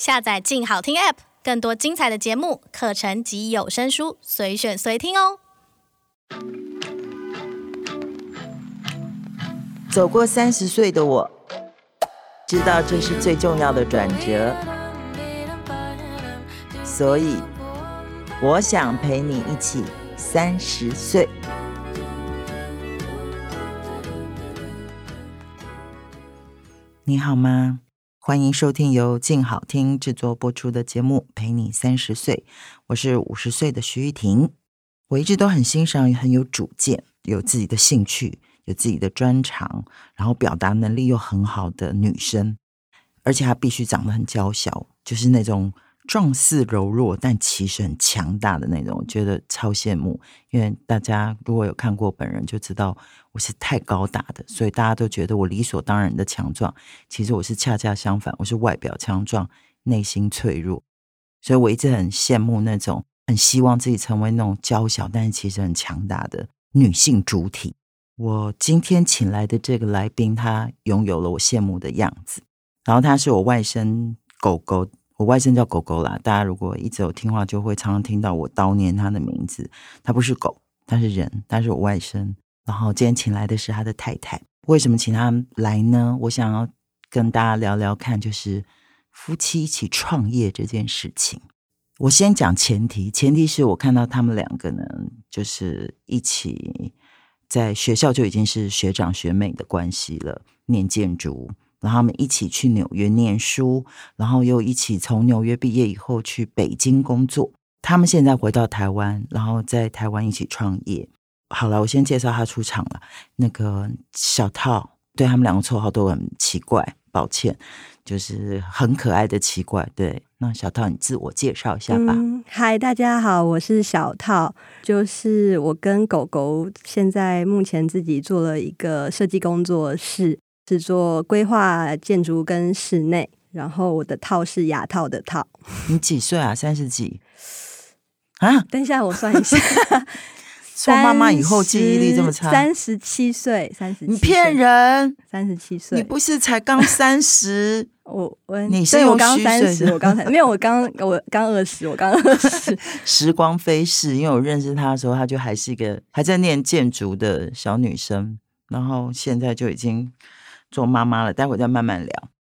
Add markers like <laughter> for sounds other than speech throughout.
下載“鏡好聽 ”App，更多精彩的節目、課程及有聲書，隨選隨聽哦。走過三十歲的我，知道這是最重要的轉折，所以我想陪你一起三十歲。你好嗎？歡迎收聽由靜好聽制作播出的節目《陪你三十歲》，我是五十歲的徐譽庭。我一直都很欣賞很有主見、有自己的興趣、有自己的專長，然後表達能力又很好的女生，而且她必須長得很嬌小，就是那種。狀似柔弱，但其實很強大的那種，我覺得超羨慕。因為大家如果有看過本人，就知道我是太高大的，所以大家都覺得我理所當然的強壯。其實我是恰恰相反，我是外表強壯，內心脆弱。所以我一直很羨慕那種，很希望自己成為那種嬌小，但是其實很強大的女性主體。我今天請來的這個來賓，她擁有了我羨慕的樣子，然後她是我外甥狗狗。我外甥叫狗狗啦，大家如果一直有聽話，就會常常聽到我叨念他的名字。他不是狗，他是人，他是我外甥。然後今天請來的是他的太太。為什麼請他來呢？我想要跟大家聊聊看，就是夫妻一起創業這件事情。我先講前提，前提是我看到他們兩個呢，就是一起在學校就已經是學長學妹的關係了，念建築。然後他們一起去紐約念書，然後又一起從紐約畢業以後去北京工作。他們現在回到台灣，然後在台灣一起創業。好了，我先介紹他出場了。那個小套，對，他們兩個綽號都很奇怪，抱歉，就是很可愛的奇怪。對，那小套，你自我介紹一下吧。嗨、嗯，Hi, 大家好，我是小套，就是我跟狗狗現在目前自己做了一個設計工作室。是做規劃、建築跟室內，然後我的套是牙套的套。你幾歲啊？三十幾？啊？等一下，我算一下。做 <laughs> 媽媽以後記憶力這麼差，三十七歲，三十七歲。你騙人！三十七歲，你不是才剛三十？我 <laughs> 我，我你是我剛三十，我剛才沒有，我剛我剛二十，我剛二十。 <laughs> 時光飛逝，因為我認識她的時候，她就還是一個還在念建築的小女生，然後現在就已經。做媽媽了，待會再慢慢聊。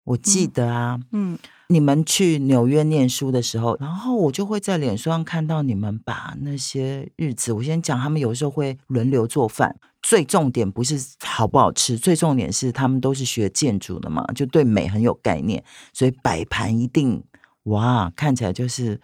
我記得啊，嗯，嗯，你們去紐約念書的時候，然後我就會在臉書上看到你們把那些日子。我先講，他們有時候會輪流做飯，最重點不是好不好吃，最重點是他們都是學建築的嘛，就對美很有概念，所以擺盤一定哇，看起來就是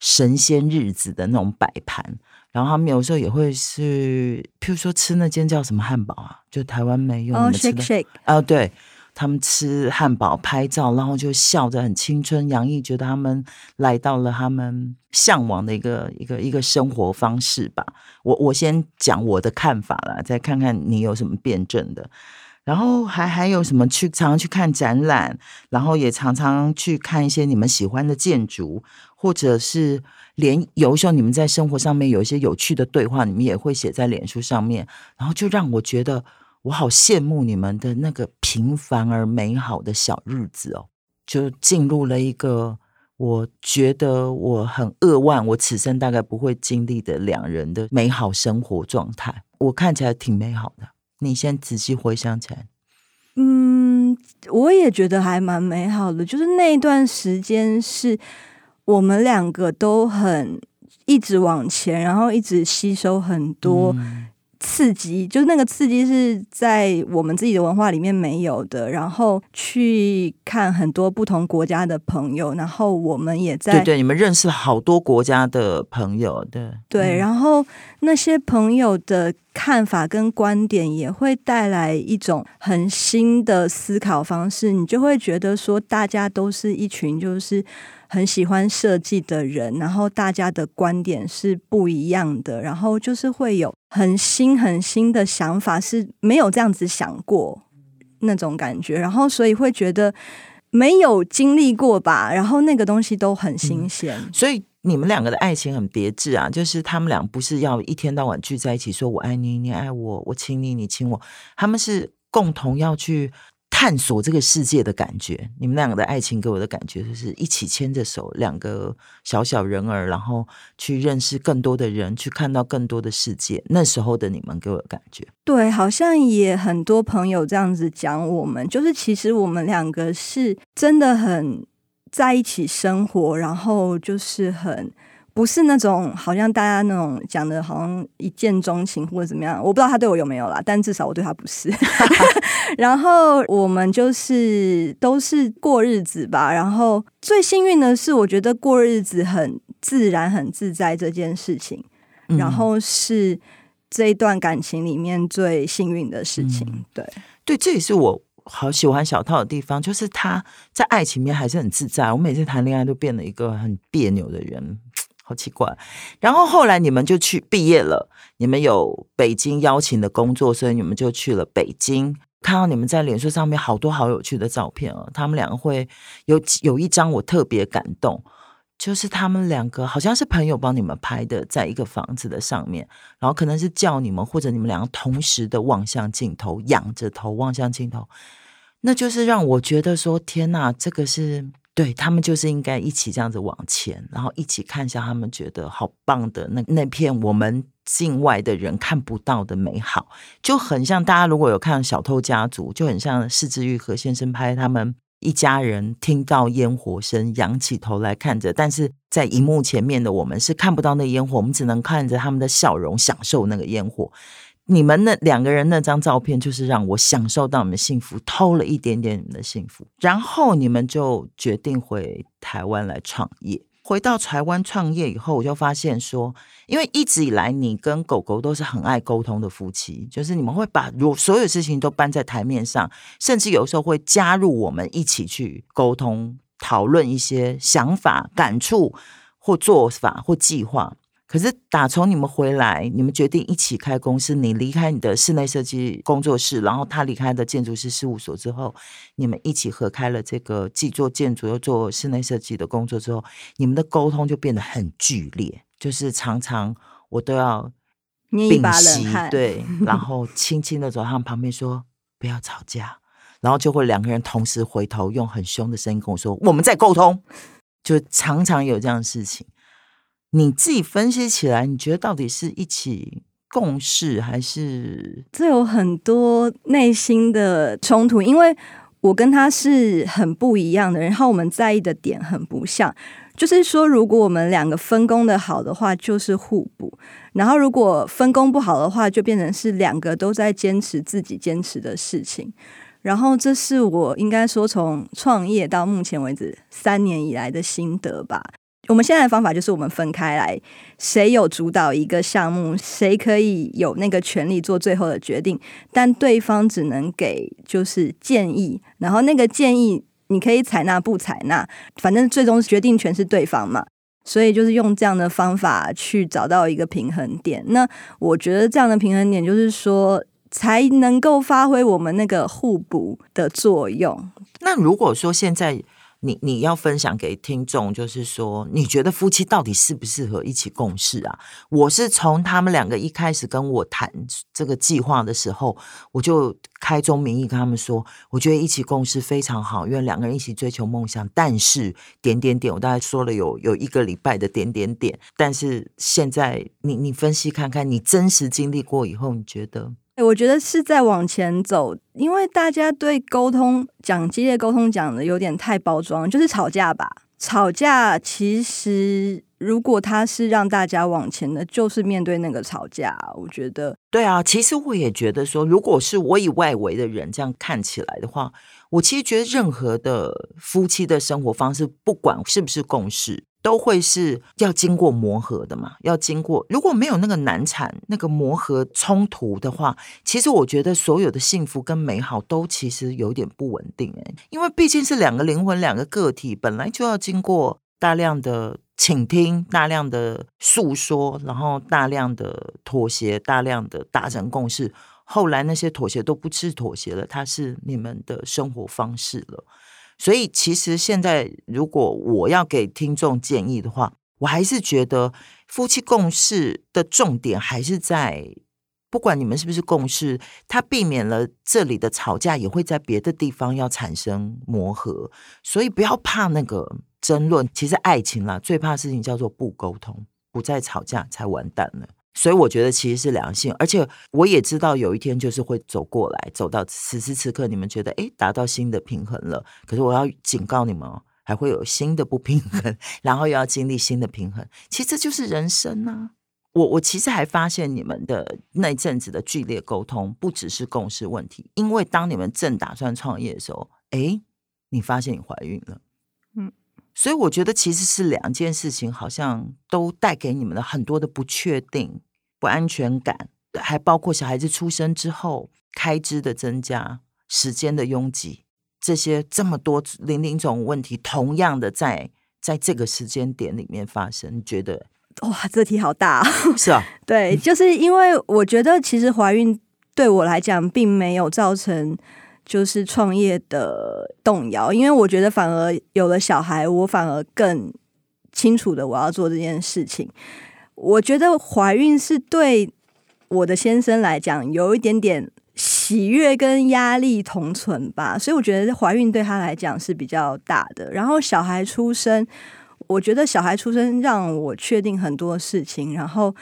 神仙日子的那種擺盤。然後他們有時候也會去，譬如說吃那間叫什麼漢堡啊，就台灣沒有，oh, 你們吃的啊 Shake Shake.、哦，對他們吃漢堡拍照，然後就笑着很青春洋溢，覺得他們來到了他們向往的一個一個一個生活方式吧。我我先講我的看法了，再看看你有什麼辯證的。然後還還有什麼去常常去看展覽，然後也常常去看一些你們喜歡的建築，或者是連有時候你們在生活上面有一些有趣的對話，你們也會寫在臉書上面。然後就讓我覺得我好羨慕你們的那個平凡而美好的小日子哦。就進入了一個我覺得我很扼腕，我此生大概不會經歷的兩人的美好生活狀態。我看起來挺美好的。你先仔細回想起來，嗯，我也覺得還蠻美好的。就是那一段時間，是我們兩個都很一直往前，然後一直吸收很多。嗯刺激，就是那個刺激是在我們自己的文化裡面沒有的，然後去看很多不同國家的朋友，然後我們也在對對，你們認識好多國家的朋友，對對，然後那些朋友的看法跟觀點也會帶來一種很新的思考方式，你就會覺得說大家都是一群就是。很喜歡設計的人，然後大家的觀點是不一樣的，然後就是會有很新很新的想法，是沒有這樣子想過那種感覺，然後所以會覺得沒有經歷過吧，然後那個東西都很新鮮。嗯，所以你們兩個的愛情很別致啊，就是他們倆不是要一天到晚聚在一起說我愛你，你愛我，我親你，你親我，他們是共同要去。探索這個世界的感覺，你們兩個的愛情給我的感覺就是一起牽着手，兩個小小人兒，然後去認識更多的人，去看到更多的世界。那時候的你們給我的感覺，對。好像也很多朋友這樣子講我們，就是其實我們兩個是真的很在一起生活，然後就是很。不是那種好像大家那種講的好像一見鍾情或者怎麼樣，我不知道他對我有沒有啦，但至少我對他不是。 <laughs> <laughs> 然後我們就是都是過日子吧。然後最幸運的是，我覺得過日子很自然、很自在這件事情，嗯、然後是這一段感情裡面最幸運的事情。嗯、對，對，這也是我好喜歡小套的地方，就是他在愛情面還是很自在。我每次談戀愛都變了一個很彆扭的人。好奇怪，然後後來你們就去畢業了。你們有北京邀請的工作，所以你們就去了北京。看到你們在臉書上面好多好有趣的照片哦。他們兩個會有有一張我特別感動，就是他們兩個好像是朋友幫你們拍的，在一個房子的上面，然後可能是叫你們或者你們兩個同時的望向鏡頭，仰着頭望向鏡頭，那就是讓我覺得說天吶，這個是。對他們就是應該一起這樣子往前，然後一起看一下他們覺得好棒的那那片我們境外的人看不到的美好，就很像大家如果有看《小偷家族》，就很像是枝裕和先生拍他們一家人聽到煙火聲，仰起頭來看着，但是在銀幕前面的我們是看不到那煙火，我們只能看着他們的笑容，享受那個煙火。你們那兩個人那張照片，就是讓我享受到你們幸福，偷了一點點你們的幸福。然後你們就決定回台灣來創業。回到台灣創業以後，我就發現說，因為一直以來你跟狗狗都是很愛溝通的夫妻，就是你們會把如所有事情都搬在台面上，甚至有時候會加入我們一起去溝通、討論一些想法、感觸或做法或計劃。可是，打從你們回來，你們決定一起開公司，你離開你的室內設計工作室，然後他離開的建築師事，事務所之後，你們一起合開了這個既做建築又做室內設計的工作之後，你們的溝通就變得很劇烈，就是常常我都要捏一把冷汗，對， <laughs> 然後輕輕的走到他們旁邊說不要吵架，然後就會兩個人同時回頭，用很兇的聲音跟我說我們在溝通，就常常有這樣的事情。你自己分析起來，你覺得到底是一起共事還是？這有很多內心的衝突，因為我跟他是很不一樣的，然後我們在意的點很不像。就是說，如果我們兩個分工得好的話，就是互補；然後如果分工不好的話，就變成是兩個都在堅持自己堅持的事情。然後，這是我應該說從創業到目前為止三年以來的心得吧。我們現在的方法就是我們分開來，誰有主導一個項目，誰可以有那個權力做最後的決定，但對方只能給就是建議，然後那個建議你可以採納不採納，反正最終決定權是對方嘛，所以就是用這樣的方法去找到一個平衡點。那我覺得這樣的平衡點就是說才能夠發揮我們那個互補的作用。那如果說現在。你你要分享給聽眾，就是說，你覺得夫妻到底適不適合一起共事啊？我是從他們兩個一開始跟我談這個計劃的時候，我就開宗明義跟他們說，我覺得一起共事非常好，因為兩個人一起追求夢想。但是點點點，我大概說了有有一個禮拜的點點點。但是現在你你分析看看，你真實經歷過以後，你覺得？欸，我覺得是在往前走，因為大家對溝通講激烈溝通講的有點太包裝，就是吵架吧，吵架其實。如果他是讓大家往前的，就是面對那個吵架，我覺得對啊。其實我也覺得說，如果是我以外圍的人這樣看起來的話，我其實覺得任何的夫妻的生活方式，不管是不是共識，都會是要經過磨合的嘛。要經過，如果沒有那個難產、那個磨合衝突的話，其實我覺得所有的幸福跟美好都其實有點不穩定哎，因為畢竟是兩個靈魂、兩個個體，本來就要經過大量的。傾聽大量的訴說，然後大量的妥協，大量的達成共識。後來那些妥協都不是妥協了，它是你們的生活方式了。所以，其實現在如果我要給聽眾建議的話，我還是覺得夫妻共事的重點還是在，不管你們是不是共事，它避免了這裡的吵架，也會在別的地方要產生磨合，所以不要怕那個。爭論，其實愛情啦，最怕的事情叫做不溝通，不再吵架才完蛋了。所以我覺得其實是良性，而且我也知道有一天就是會走過來，走到此時此刻，你們覺得哎，欸、達到新的平衡了。可是我要警告你們哦，還會有新的不平衡，然後又要經歷新的平衡。其實就是人生啊！我我其實還發現你們的那一陣子的劇烈溝通，不只是共識問題，因為當你們正打算創業的時候，哎、欸，你發現你懷孕了。所以我覺得其實是兩件事情，好像都帶給你們了很多的不確定、不安全感，還包括小孩子出生之後開支的增加、時間的擁擠，這些這麼多零零種問題，同樣的在在這個時間點裡面發生。你覺得？哇，這題好大哦。是啊。 <laughs> 對，就是因為我覺得其實懷孕對我來講並沒有造成。就是創業的動搖，因為我覺得反而有了小孩，我反而更清楚的我要做這件事情。我覺得懷孕是對我的先生來講有一點點喜悅跟壓力同存吧，所以我覺得懷孕對他來講是比較大的。然後小孩出生，我覺得小孩出生讓我確定很多事情，然後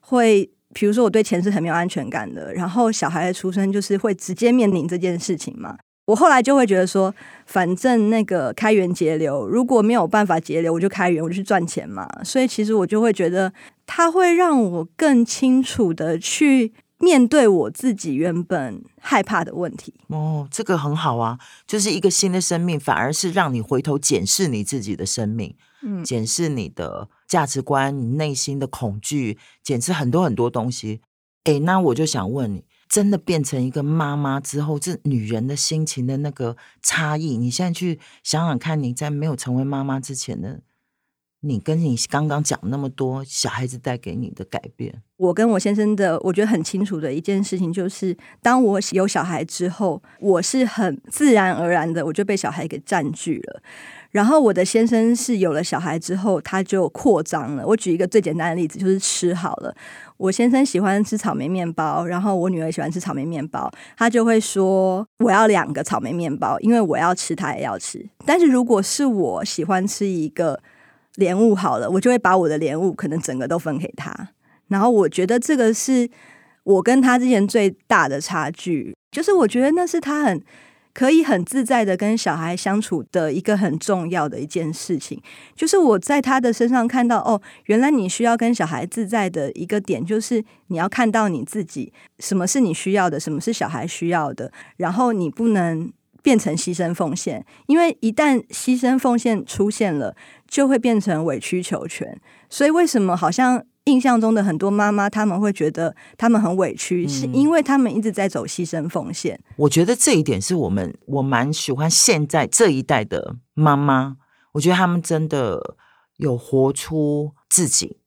會。比如說，我對錢是很沒有安全感的。然後小孩的出生就是會直接面臨這件事情嘛。我後來就會覺得說，反正那個開源節流，如果沒有辦法節流，我就開源，我就去賺錢嘛。所以其實我就會覺得，它會讓我更清楚地去面對我自己原本害怕的問題。哦，這個很好啊，就是一個新的生命，反而是讓你回頭檢視你自己的生命，嗯，檢視你的。價值觀，你內心的恐懼，簡直很多很多東西。誒、欸，那我就想問你，真的變成一個媽媽之後，這女人的心情的那個差異？你現在去想想看，你在沒有成為媽媽之前的你，跟你剛剛講那麼多小孩子帶給你的改變。我跟我先生的，我覺得很清楚的一件事情就是，當我有小孩之後，我是很自然而然的，我就被小孩給佔據了。然後我的先生是有了小孩之後，他就擴張了。我舉一個最簡單的例子，就是吃好了。我先生喜歡吃草莓麵包，然後我女兒喜歡吃草莓麵包，他就會說我要兩個草莓麵包，因為我要吃，他也要吃。但是如果是我喜歡吃一個蓮霧好了，我就會把我的蓮霧可能整個都分給他。然後我覺得這個是我跟他之間最大的差距，就是我覺得那是他很。可以很自在的跟小孩相處的一個很重要的一件事情，就是我在他的身上看到，哦，原來你需要跟小孩自在的一個點，就是你要看到你自己，什麼是你需要的，什麼是小孩需要的，然後你不能變成犧牲奉獻，因為一旦犧牲奉獻出現了，就會變成委曲求全。所以為什麼好像？印象中的很多媽媽，她們會覺得她們很委屈，嗯，是因為她們一直在走犧牲奉獻。我覺得這一點是我們我蠻喜歡現在這一代的媽媽，我覺得她們真的有活出自己，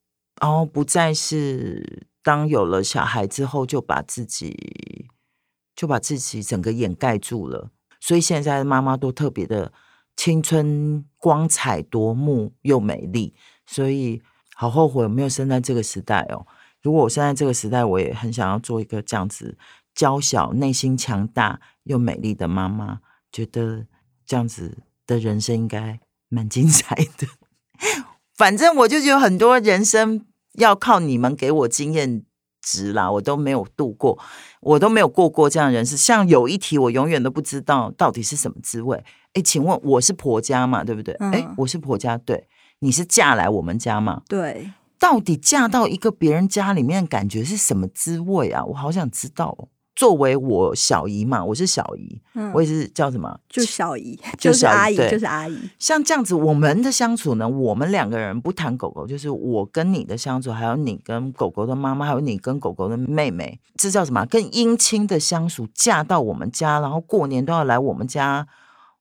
然後不再是當有了小孩之後就把自己就把自己整個掩蓋住了。所以現在的媽媽都特別的青春光彩奪目又美麗，所以。好後悔我沒有生在這個時代哦！如果我生在這個時代，我也很想要做一個這樣子嬌小、內心強大又美麗的媽媽。覺得這樣子的人生應該蠻精彩的。 <laughs> 反正我就覺得很多人生要靠你們給我經驗值啦，我都沒有度過，我都沒有過過這樣的人生。像有一題，我永遠都不知道到底是什麼滋味。誒、欸，請問我是婆家嘛？對不對？誒、嗯欸，我是婆家，對。你是嫁來我們家嗎？對，到底嫁到一個別人家裡面，感覺是什麼滋味啊？我好想知道哦。作為我小姨嘛，我是小姨，嗯，我也是叫什麼？就小姨，就是小姨，就是阿姨，對就是阿姨。像這樣子，我們的相處呢，我們兩個人不談狗狗，就是我跟你的相處，還有你跟狗狗的媽媽，還有你跟狗狗的妹妹，這叫什麼？跟姻親的相處。嫁到我們家，然後過年都要來我們家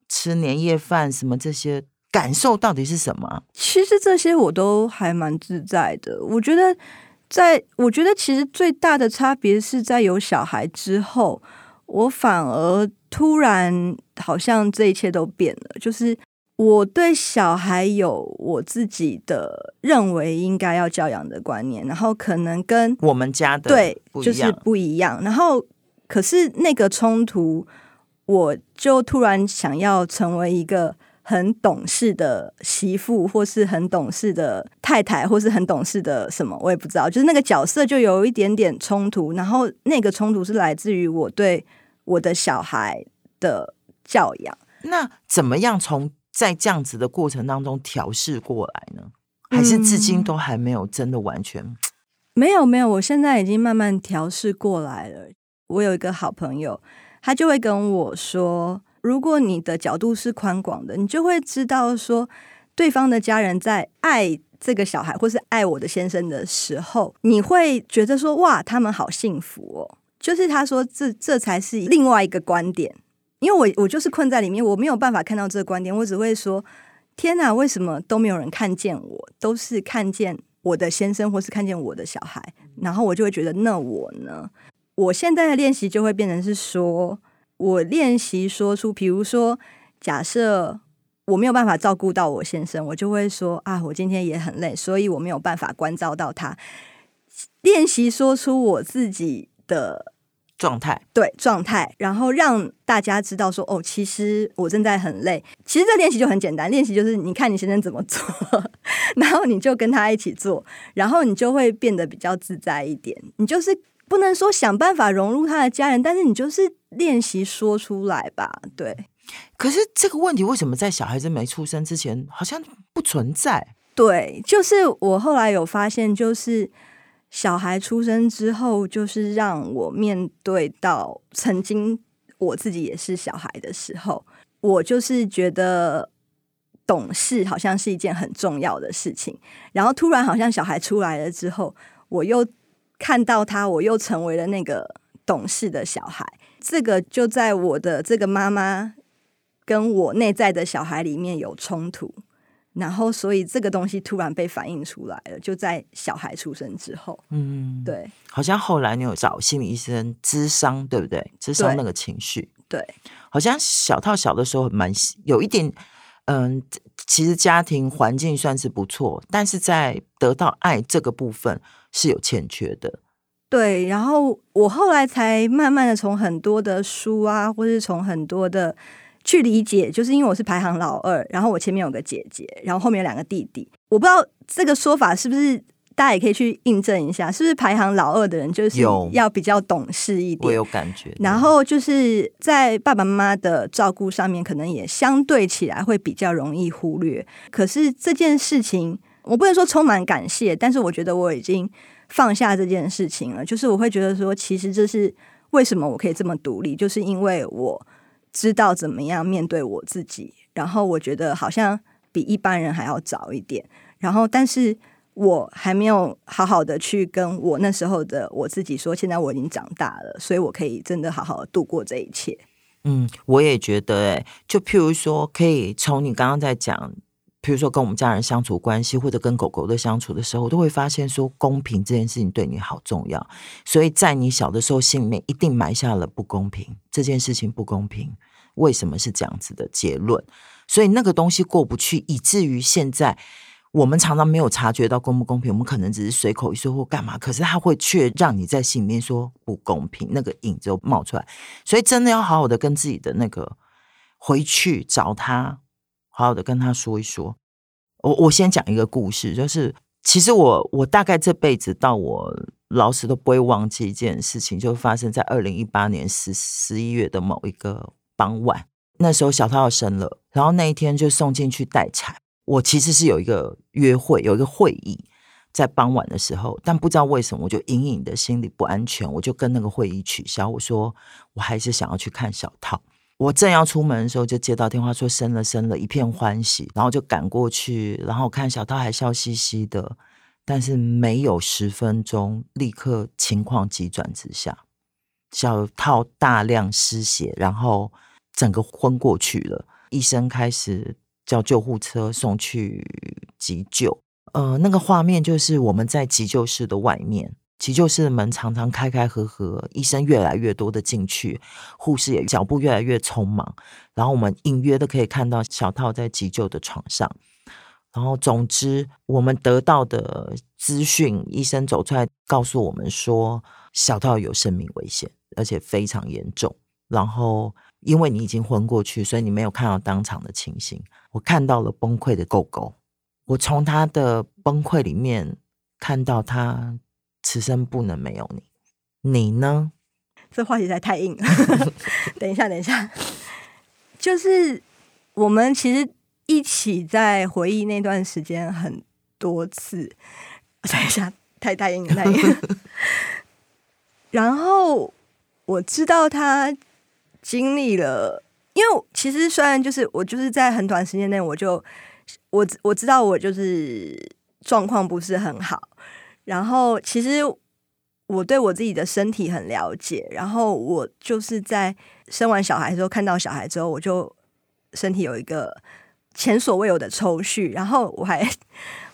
吃年夜飯，什麼這些。感受到底是什麼？其實這些我都還蠻自在的。我覺得在，在我覺得，其實最大的差別是在有小孩之後，我反而突然好像這一切都變了。就是我對小孩有我自己的認為應該要教養的觀念，然後可能跟我們家的對就是不一樣。然後可是那個衝突，我就突然想要成為一個。很懂事的媳婦，或是很懂事的太太，或是很懂事的什麼，我也不知道。就是那個角色就有一點點衝突，然後那個衝突是來自於我對我的小孩的教養。那怎麼樣從在這樣子的過程當中調試過來呢？還是至今都還沒有真的完全？嗯，沒有，沒有，我現在已經慢慢調試過來了。我有一個好朋友，他就會跟我說。如果你的角度是寬廣的，你就會知道說，對方的家人在愛這個小孩，或是愛我的先生的時候，你會覺得說，哇，他們好幸福哦。就是他說，這這才是另外一個觀點。因為我我就是困在裡面，我沒有辦法看到這個觀點，我只會說，天哪，為什麼都沒有人看見我，都是看見我的先生或是看見我的小孩，然後我就會覺得，那我呢？我現在的練習就會變成是說。我練習說出，比如說，假設我沒有辦法照顧到我先生，我就會說啊，我今天也很累，所以我沒有辦法關照到他。練習說出我自己的狀態，對狀態，然後讓大家知道說，哦，其實我正在很累。其實這練習就很簡單，練習就是你看你先生怎麼做，然後你就跟他一起做，然後你就會變得比較自在一點。你就是不能說想辦法融入他的家人，但是你就是。練習說出來吧，對。可是這個問題為什麼在小孩子沒出生之前好像不存在？對，就是我後來有發現，就是小孩出生之後，就是讓我面對到曾經我自己也是小孩的時候，我就是覺得懂事好像是一件很重要的事情。然後突然好像小孩出來了之後，我又看到他，我又成為了那個懂事的小孩。這個就在我的這個媽媽跟我內在的小孩裡面有衝突，然後所以這個東西突然被反映出來了，就在小孩出生之後，嗯，對，好像後來你有找心理醫生諮商，對不對？諮商對那個情緒，對，好像小套小的時候蠻有一點，嗯，其實家庭環境算是不錯，但是在得到愛這個部分是有欠缺的。對，然後我後來才慢慢的從很多的書啊，或是從很多的去理解，就是因為我是排行老二，然後我前面有個姐姐，然後後面有兩個弟弟。我不知道這個說法是不是大家也可以去印證一下，是不是排行老二的人就是要比較懂事一點？有，我也有感覺，對。然後就是在爸爸媽媽的照顧上面，可能也相對起來會比較容易忽略。可是這件事情，我不能說充滿感謝，但是我覺得我已經。放下這件事情了，就是我會覺得說，其實這是為什麼我可以這麼獨立，就是因為我知道怎麼樣面對我自己。然後我覺得好像比一般人還要早一點，然後但是我還沒有好好的去跟我那時候的我自己說，現在我已經長大了，所以我可以真的好好的度過這一切。嗯，我也覺得、欸，就譬如說，可以從你剛剛在講。比如說，跟我們家人相處關係，或者跟狗狗的相處的時候，都會發現說公平這件事情對你好重要。所以在你小的時候，心裡面一定埋下了不公平這件事情，不公平，為什麼是這樣子的結論？所以那個東西過不去，以至於現在我們常常沒有察覺到公不公平，我們可能只是隨口一說或幹嘛，可是他會卻讓你在心裡面說不公平，那個影子冒出來。所以真的要好好的跟自己的那個回去找他。好好的跟他說一說，我我先講一個故事，就是其實我我大概這輩子到我老死都不會忘記一件事情，就發生在二零一八年十十一月的某一個傍晚。那時候小套要生了，然後那一天就送進去待產。我其實是有一個約會，有一個會議在傍晚的時候，但不知道為什麼我就隱隱的心裡不安全，我就跟那個會議取消，我說我還是想要去看小套。我正要出門的時候，就接到電話說生了生了，一片歡喜，然後就趕過去，然後看小套還笑嘻嘻的，但是沒有十分鐘，立刻情況急轉直下，小套大量失血，然後整個昏過去了，醫生開始叫救護車送去急救，呃，那個畫面就是我們在急救室的外面。急救室的門常常開開合合，醫生越來越多的進去，護士也腳步越來越匆忙。然後我們隱約的可以看到小套在急救的床上。然後，總之，我們得到的資訊，醫生走出來告訴我們說，小套有生命危險，而且非常嚴重。然後，因為你已經昏過去，所以你沒有看到當場的情形。我看到了崩潰的狗狗，我從他的崩潰裡面看到他。此生不能沒有你，你呢？這話題實在太硬了， <laughs> 等一下，等一下，就是我們其實一起在回憶那段時間，很多次。等一下，太太硬，太硬了。 <laughs> 然後我知道他經歷了，因為其實雖然就是我，就是在很短時間內我，我就我我知道我就是狀況不是很好。然後，其實我對我自己的身體很了解。然後我就是在生完小孩之後，看到小孩之後，我就身體有一個前所未有的抽搐。然後我還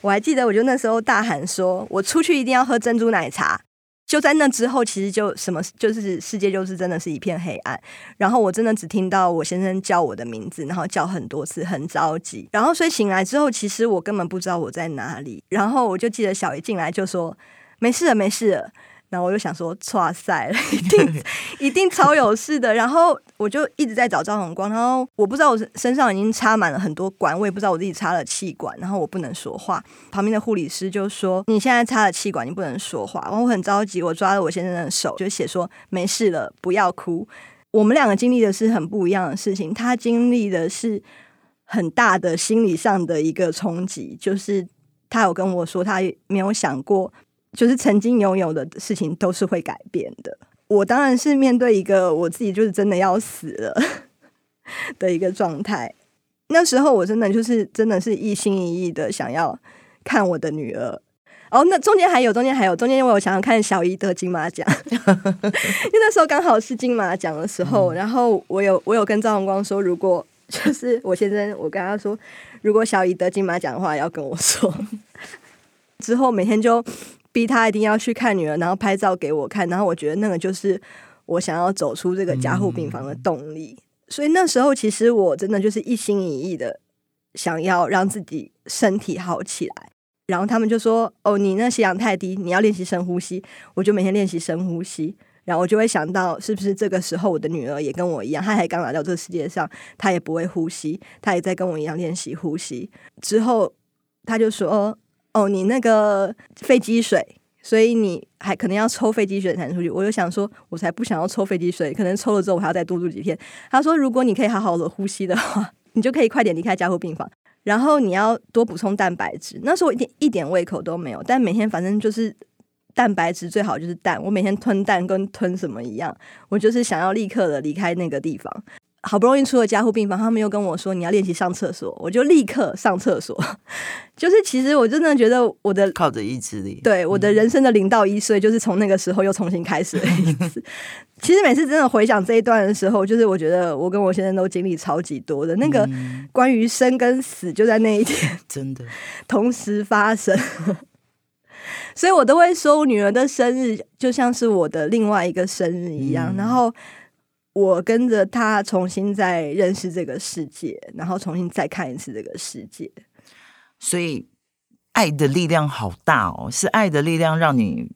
我還記得，我就那時候大喊說：“我出去一定要喝珍珠奶茶。”就在那之後，其實就什麼就是世界，就是真的是一片黑暗。然後我真的只聽到我先生叫我的名字，然後叫很多次，很着急。然後所以醒來之後，其實我根本不知道我在哪裡。然後我就記得小姨進來就說：“沒事了，沒事了。”然後我就想說，哇塞了，一定一定超有事的。 <laughs> 然後我就一直在找趙紅光，然後我不知道我身上已經插滿了很多管，我也不知道我自己插了氣管，然後我不能說話。旁邊的護理師就說：“你現在插了氣管，你不能說話。”然後我很着急，我抓了我先生的手，就寫說：“沒事了，不要哭。”我們兩個經歷的是很不一樣的事情，他經歷的是很大的心理上的一個衝擊，就是他有跟我說，他沒有想過。就是曾經擁有的事情都是會改變的。我當然是面對一個我自己就是真的要死了的一個狀態。那時候我真的就是真的是一心一意的想要看我的女兒。哦，那中間還有中間還有中間，我有想要看小姨得金馬獎， <laughs> 因為那時候剛好是金馬獎的時候。嗯。然後我有我有跟趙宏光說，如果就是我先生，我跟他說，如果小姨得金馬獎的話，要跟我說。之後每天就。所以他一定要去看女兒，然後拍照給我看，然後我覺得那個就是我想要走出這個加護病房的動力。嗯嗯、所以那時候其實我真的就是一心一意的想要讓自己身體好起來。然後他們就說：“哦，你那血氧太低，你要練習深呼吸。”我就每天練習深呼吸。然後我就會想到，是不是這個時候我的女兒也跟我一樣，她還剛來到這個世界上，她也不會呼吸，她也在跟我一樣練習呼吸。之後他就說。哦，你那個肺積水，所以你還可能要抽肺積水才能出去。我就想說，我才不想要抽肺積水，可能抽了之後我還要再多住幾天。他說，如果你可以好好的呼吸的話，你就可以快點離開加護病房。然後你要多補充蛋白質。那時候我一點一點胃口都沒有，但每天反正就是蛋白質最好就是蛋，我每天吞蛋跟吞什麼一樣，我就是想要立刻的離開那個地方。好不容易出了加護病房，他們又跟我說你要練習上廁所，我就立刻上廁所。就是其實我真的覺得我的靠着意志力，對我的人生的零到一歲，嗯、就是從那個時候又重新開始了一次。嗯、其實每次真的回想這一段的時候，就是我覺得我跟我先生都經歷超級多的，那個關於生跟死就在那一天真的同時發生。的 <laughs> 所以我都會說，女兒的生日就像是我的另外一個生日一樣，嗯、然後。我跟着他重新再認識這個世界，然後重新再看一次這個世界。所以，愛的力量好大哦！是愛的力量讓你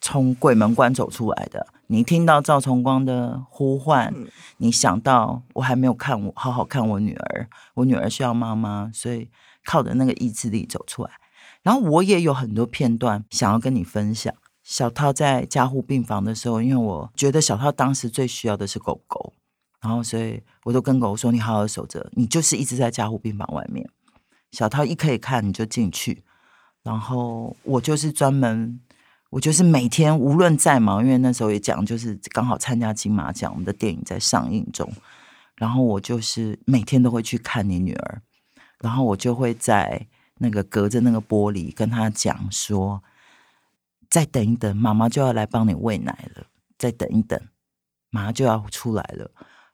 從鬼門關走出來的。你聽到趙崇光的呼喚，嗯，你想到我還沒有看我好好看我女兒，我女兒需要媽媽，所以靠着那個意志力走出來。然後我也有很多片段想要跟你分享。小套在加護病房的時候，因為我覺得小套當時最需要的是狗狗，然後所以我都跟狗說：“你好好守着，你就是一直在加護病房外面。小套一可以看你就進去。然後我就是專門，我就是每天無論再忙，因為那時候也講，就是剛好參加金馬獎，我們的電影在上映中，然後我就是每天都會去看你女兒，然後我就會在那個隔着那個玻璃跟她講說。”再等一等，媽媽就要來幫你餵奶了。再等一等，馬上就要出來了。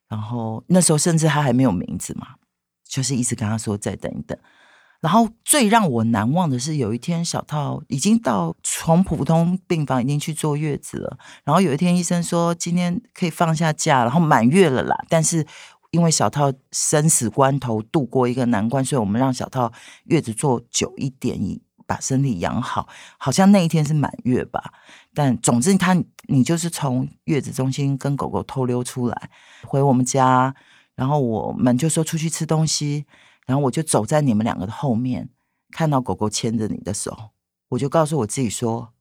然後那時候甚至他還沒有名字嘛，就是一直跟他說再等一等。然後最讓我難忘的是，有一天小套已經到從普通病房已經去坐月子了。然後有一天醫生說今天可以放下假，然後滿月了啦。但是因為小套生死關頭度過一個難關，所以我們讓小套月子坐久一點以。把身體養好，好像那一天是滿月吧。但總之他，他你就是從月子中心跟狗狗偷溜出來，回我們家，然後我們就說出去吃東西，然後我就走在你們兩個的後面，看到狗狗牽着你的手，我就告訴我自己說，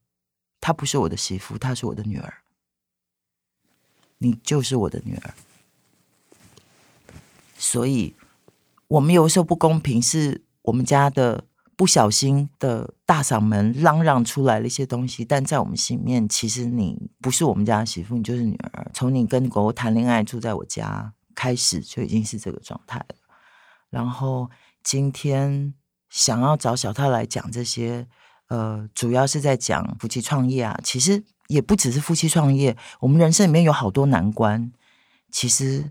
她不是我的媳婦，她是我的女兒，你就是我的女兒。所以，我們有的時候不公平是我們家的。不小心的大嗓門嚷嚷出來了一些東西，但在我們心裡面，其實你不是我們家媳婦，你就是女兒。從你跟狗狗談戀愛、住在我家開始，就已經是這個狀態了。然後今天想要找小套來講這些，呃，主要是在講夫妻創業啊。其實也不只是夫妻創業，我們人生裡面有好多難關，其實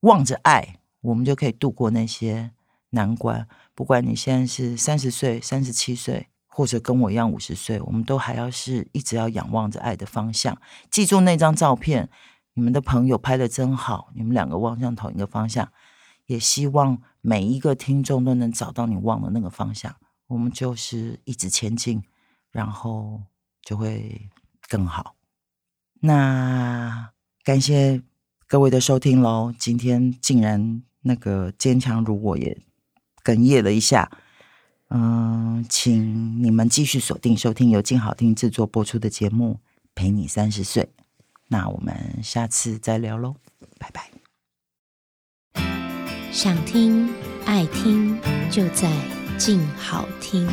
望着愛，我們就可以度過那些難關。不管你現在是三十歲、三十七歲，或者跟我一樣五十歲，我們都還要是一直要仰望着愛的方向，記住那張照片。你們的朋友拍得真好，你們兩個望向同一個方向。也希望每一個聽眾都能找到你望的那個方向。我們就是一直前進，然後就會更好。那感謝各位的收聽嘍。今天竟然那個堅強如我也哽咽了一下，嗯，請你們繼續鎖定收聽由靜好聽制作播出的節目《陪你三十歲》，那我們下次再聊嘍，拜拜。想聽愛聽，就在靜好聽。